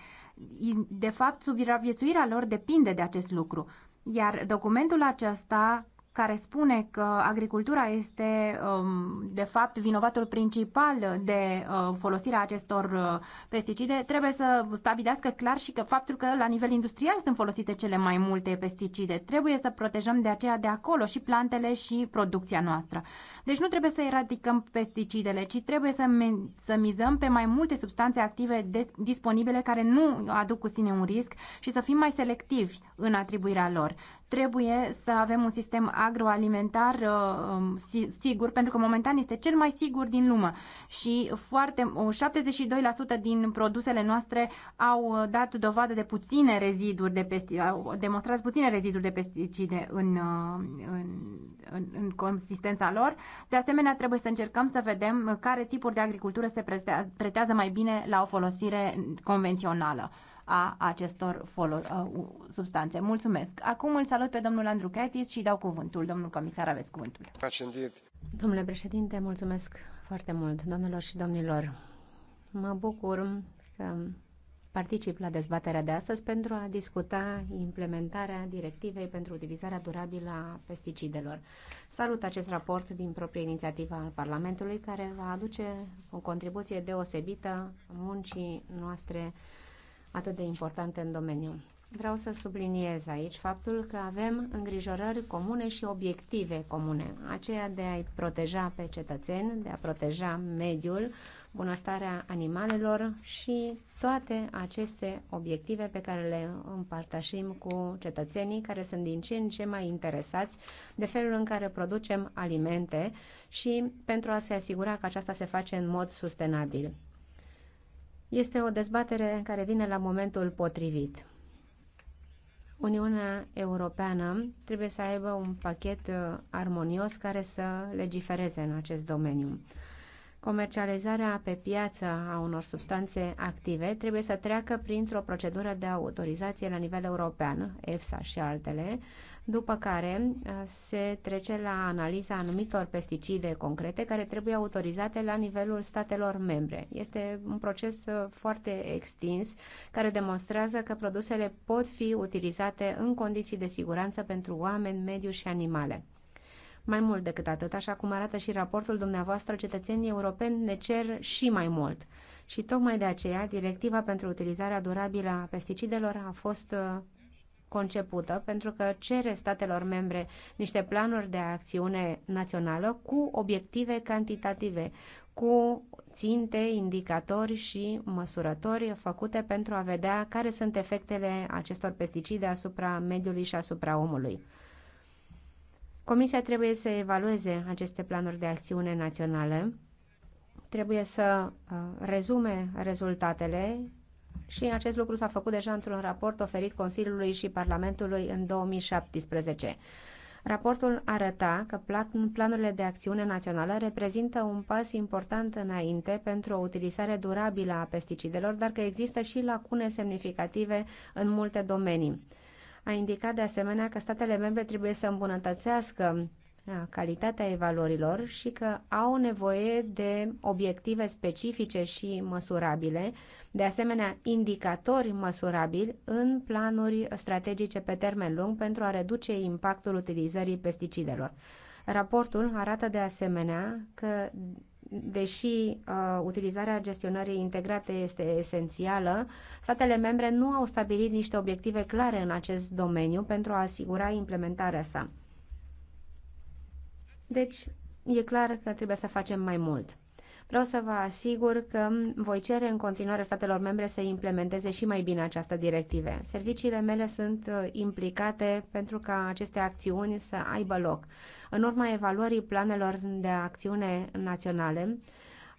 [SPEAKER 2] De fapt, supraviețuirea lor depinde de acest lucru. Iar documentul acesta care spune că agricultura este, um, de fapt, vinovatul principal de uh, folosirea acestor uh, pesticide, trebuie să stabilească clar și că faptul că la nivel industrial sunt folosite cele mai multe pesticide. Trebuie să protejăm de aceea de acolo și plantele și producția noastră. Deci nu trebuie să eradicăm pesticidele, ci trebuie să, să mizăm pe mai multe substanțe active disponibile care nu aduc cu sine un risc și să fim mai selectivi în atribuirea lor. Trebuie să avem un sistem agroalimentar uh, um, sigur, pentru că momentan este cel mai sigur din lume și foarte, uh, 72% din produsele noastre au uh, dat dovadă de puține reziduri de pesticide, au demonstrat puține reziduri de pesticide în, uh, în, în, în consistența lor de asemenea, trebuie să încercăm să vedem care tipuri de agricultură se pretează mai bine la o folosire convențională a acestor folo- substanțe. Mulțumesc. Acum îl salut pe domnul Andru Catis și dau cuvântul. Domnul comisar, aveți cuvântul.
[SPEAKER 3] Domnule președinte, mulțumesc foarte mult, domnilor și domnilor. Mă bucur că particip la dezbaterea de astăzi pentru a discuta implementarea directivei pentru utilizarea durabilă a pesticidelor. Salut acest raport din proprie inițiativă al Parlamentului care va aduce o contribuție deosebită muncii noastre atât de importante în domeniu. Vreau să subliniez aici faptul că avem îngrijorări comune și obiective comune, aceea de a-i proteja pe cetățeni, de a proteja mediul, bunăstarea animalelor și toate aceste obiective pe care le împărtășim cu cetățenii care sunt din ce în ce mai interesați de felul în care producem alimente și pentru a se asigura că aceasta se face în mod sustenabil. Este o dezbatere care vine la momentul potrivit. Uniunea Europeană trebuie să aibă un pachet uh, armonios care să legifereze în acest domeniu. Comercializarea pe piață a unor substanțe active trebuie să treacă printr-o procedură de autorizație la nivel european, EFSA și altele, după care uh, se trece la analiza anumitor pesticide concrete care trebuie autorizate la nivelul statelor membre. Este un proces uh, foarte extins care demonstrează că produsele pot fi utilizate în condiții de siguranță pentru oameni, mediu și animale. Mai mult decât atât, așa cum arată și raportul dumneavoastră, cetățenii europeni ne cer și mai mult. Și tocmai de aceea, directiva pentru utilizarea durabilă a pesticidelor a fost uh, concepută pentru că cere statelor membre niște planuri de acțiune națională cu obiective cantitative, cu ținte, indicatori și măsurători făcute pentru a vedea care sunt efectele acestor pesticide asupra mediului și asupra omului. Comisia trebuie să evalueze aceste planuri de acțiune naționale, trebuie să uh, rezume rezultatele și acest lucru s-a făcut deja într-un raport oferit Consiliului și Parlamentului în 2017. Raportul arăta că planurile de acțiune națională reprezintă un pas important înainte pentru o utilizare durabilă a pesticidelor, dar că există și lacune semnificative în multe domenii a indicat de asemenea că statele membre trebuie să îmbunătățească uh, calitatea evaluărilor și că au nevoie de obiective specifice și măsurabile, de asemenea indicatori măsurabili în planuri strategice pe termen lung pentru a reduce impactul utilizării pesticidelor. Raportul arată de asemenea că deși uh, utilizarea gestionării integrate este esențială, statele membre nu au stabilit niște obiective clare în acest domeniu pentru a asigura implementarea sa. Deci, e clar că trebuie să facem mai mult. Vreau să vă asigur că voi cere în continuare statelor membre să implementeze și mai bine această directive. Serviciile mele sunt uh, implicate pentru ca aceste acțiuni să aibă loc. În urma evaluării planelor de acțiune naționale,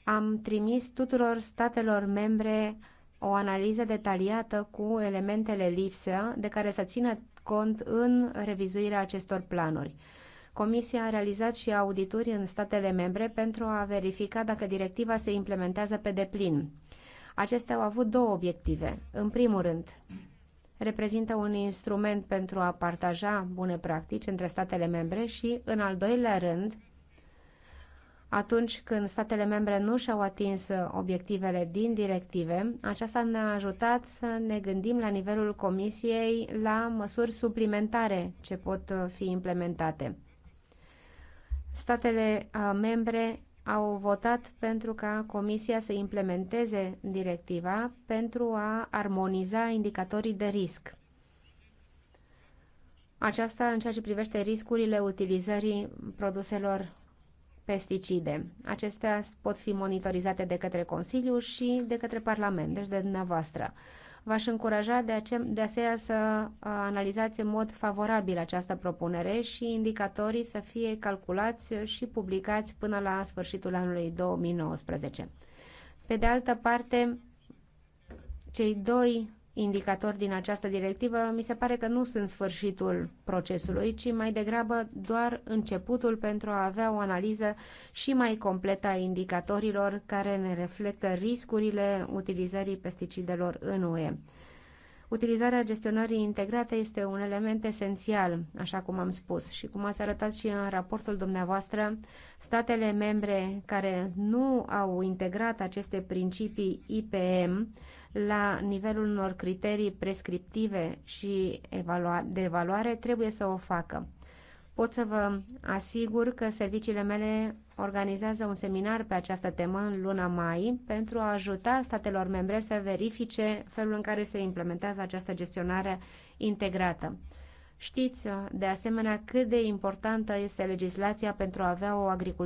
[SPEAKER 3] am trimis tuturor statelor membre o analiză detaliată cu elementele lipsă de care să țină cont în revizuirea acestor planuri. Comisia a realizat și audituri în statele membre pentru a verifica dacă directiva se implementează pe deplin. Acestea au avut două obiective. În primul rând, reprezintă un instrument pentru a partaja bune practici între statele membre și, în al doilea rând, atunci când statele membre nu și-au atins obiectivele din directive, aceasta ne-a ajutat să ne gândim la nivelul Comisiei la măsuri suplimentare ce pot fi implementate statele uh, membre au votat pentru ca Comisia să implementeze directiva pentru a armoniza indicatorii de risc. Aceasta în ceea ce privește riscurile utilizării produselor pesticide. Acestea pot fi monitorizate de către Consiliu și de către Parlament, deci de dumneavoastră. V-aș încuraja de, ace- de aceea să analizați în mod favorabil această propunere și indicatorii să fie calculați și publicați până la sfârșitul anului 2019. Pe de altă parte, cei doi indicatori din această directivă, mi se pare că nu sunt sfârșitul procesului, ci mai degrabă doar începutul pentru a avea o analiză și mai completă a indicatorilor care ne reflectă riscurile utilizării pesticidelor în UE. Utilizarea gestionării integrate este un element esențial, așa cum am spus și cum ați arătat și în raportul dumneavoastră, statele membre care nu au integrat aceste principii IPM la nivelul unor criterii prescriptive și de evaluare, trebuie să o facă. Pot să vă asigur că serviciile mele organizează un seminar pe această temă în luna mai pentru a ajuta statelor membre să verifice felul în care se implementează această gestionare integrată. Știți, de asemenea, cât de importantă este legislația pentru a avea o agricultură